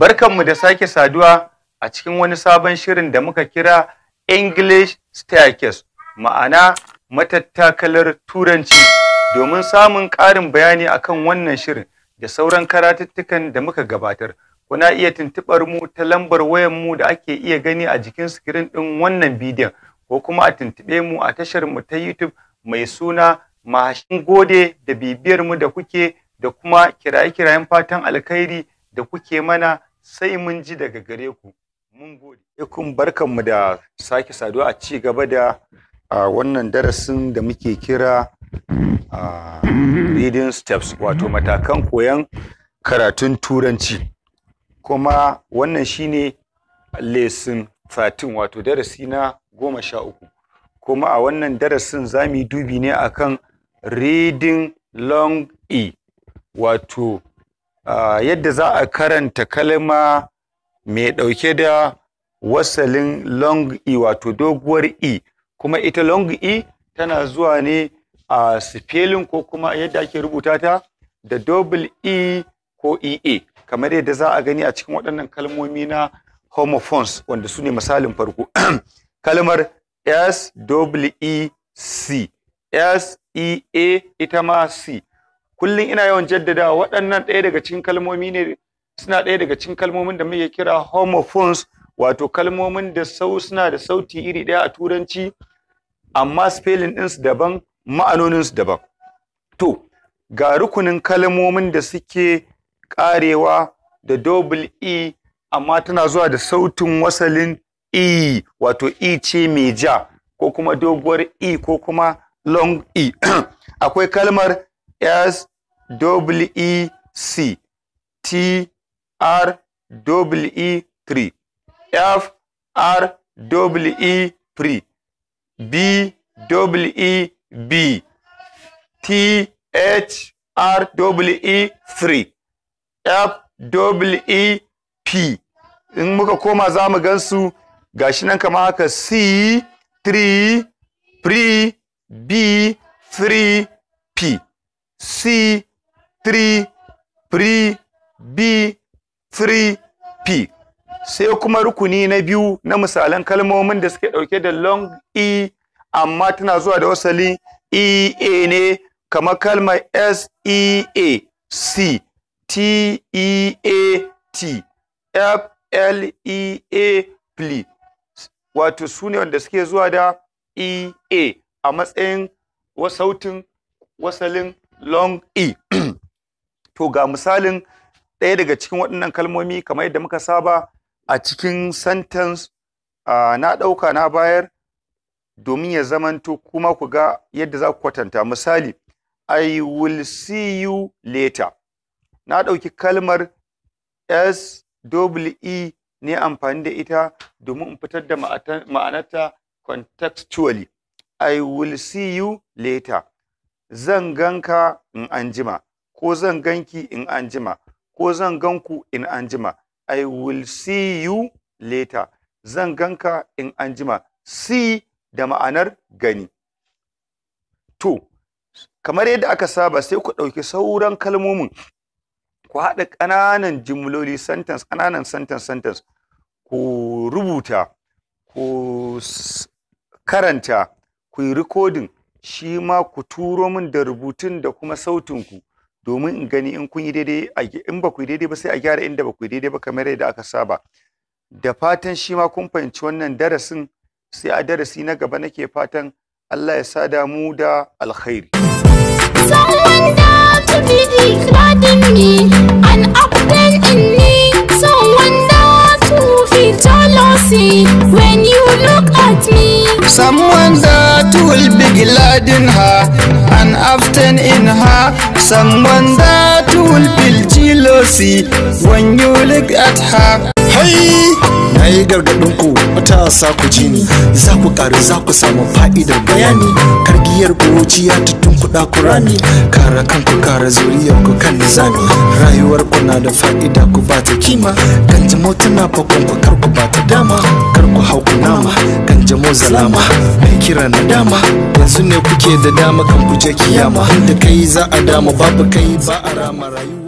Barkanmu da sake saduwa a cikin wani sabon shirin da muka kira English Staircase, ma'ana matattakalar Turanci, domin samun ƙarin bayani akan wannan shirin da sauran karatuttukan da muka gabatar. Kuna iya tuntuɓar mu ta lambar mu da ake iya gani a jikin sikirin ɗin wannan bidiyon, ko kuma a tuntuɓe mu a tashar mu ta YouTube mai suna Mahashin Gode da bibiyar mu da kuke da kuma kiraye-kirayen fatan alkhairi da kuke mana sai mun ji daga gare ku mun gode kun barkanmu da sake saduwa a ci gaba da wannan darasin da muke kira reading steps wato matakan koyon karatun turanci kuma wannan shine lesson 13 wato darasi na goma sha uku kuma a wannan darasin za mu yi dubi ne akan reading long e wato Ah, yadda za a karanta kalma mai ɗauke da wasalin long e wato doguwar e kuma ita long e tana zuwa ne a spelling ko kuma yadda ake rubuta ta da double e ko ea kamar yadda za a gani a cikin waɗannan kalmomi na homophones wanda su ne misalin farko kalmar s w e c s e a ita ma c kullum ina yawan jaddadawa, waɗannan ɗaya daga cikin kalmomi ne suna ɗaya daga cikin kalmomin da muke kira homophones wato kalmomin da sau suna da sauti iri ɗaya a turanci amma spelling su daban su daban to ga rukunin kalmomin da suke ƙarewa da double e amma tana zuwa da sautin wasalin e wato e ce mai ja ko kuma doguwar e ko kuma long e akwai kalmar S W E C T R W E 3 F R W E 3 B W E B T H R W E 3 F W E P in muka koma za gansu gashi nan haka C 3 pre B 3 P C, 3, B, 3, P. Sai kuma rukuni na biyu na misalan kalmomin da suke ɗauke da long E amma tana zuwa da wasali EA ne kamar kalmar s e, A, C, t e, A, T, FLEA, PLE. Wato su ne wanda suke zuwa da EA a matsayin wasautin wasalin long e to ga misalin ɗaya daga cikin waɗannan kalmomi kamar yadda muka saba a cikin sentence uh, na ɗauka na bayar domin ya zamanto kuma ku ga yadda za ku kwatanta misali I will see you later na ɗauki kalmar S E ne amfani da ita domin in fitar da ma'anarta contextually I will see you later zan ganka in an jima ko zan ganki in an jima ko zan ganku in an jima i will see you later zan ganka in an jima see da ma'anar gani to kamar yadda aka saba sai ku ɗauki sauran kalmomin ku haɗa ƙananan jimloli sentence ƙananan sentence sentence ku rubuta ku karanta ku yi recording shi ma ku turo min da rubutun da kuma sautin ku domin in gani in kun yi daidai in ba ku yi daidai ba sai a gyara inda ba ku yi daidai ba kamar yadda aka saba da fatan shi ma kun fahimci wannan darasin sai a darasi na gaba nake fatan Allah ya sada mu da alkhairi. someone that will be glad in her and often in her someone that will feel jealousy when you look at her hey na yi gargaɗin ku sa ku ji ni za ku ƙaru za ku samu fa'idar bayani kargiyar kuruciya ta tunkuɗa ku ne kara kanku kara zuriyar ku zani rayuwar ku na da fa'ida ku ba ta kima kanjamo tana fakon ku kar ku ba ta dama kar ku hau ku nama jamo zalama mai kira na dama yanzu ne kuke da dama kan ku je kiyama da kai za a dama babu kai ba a rama rayuwa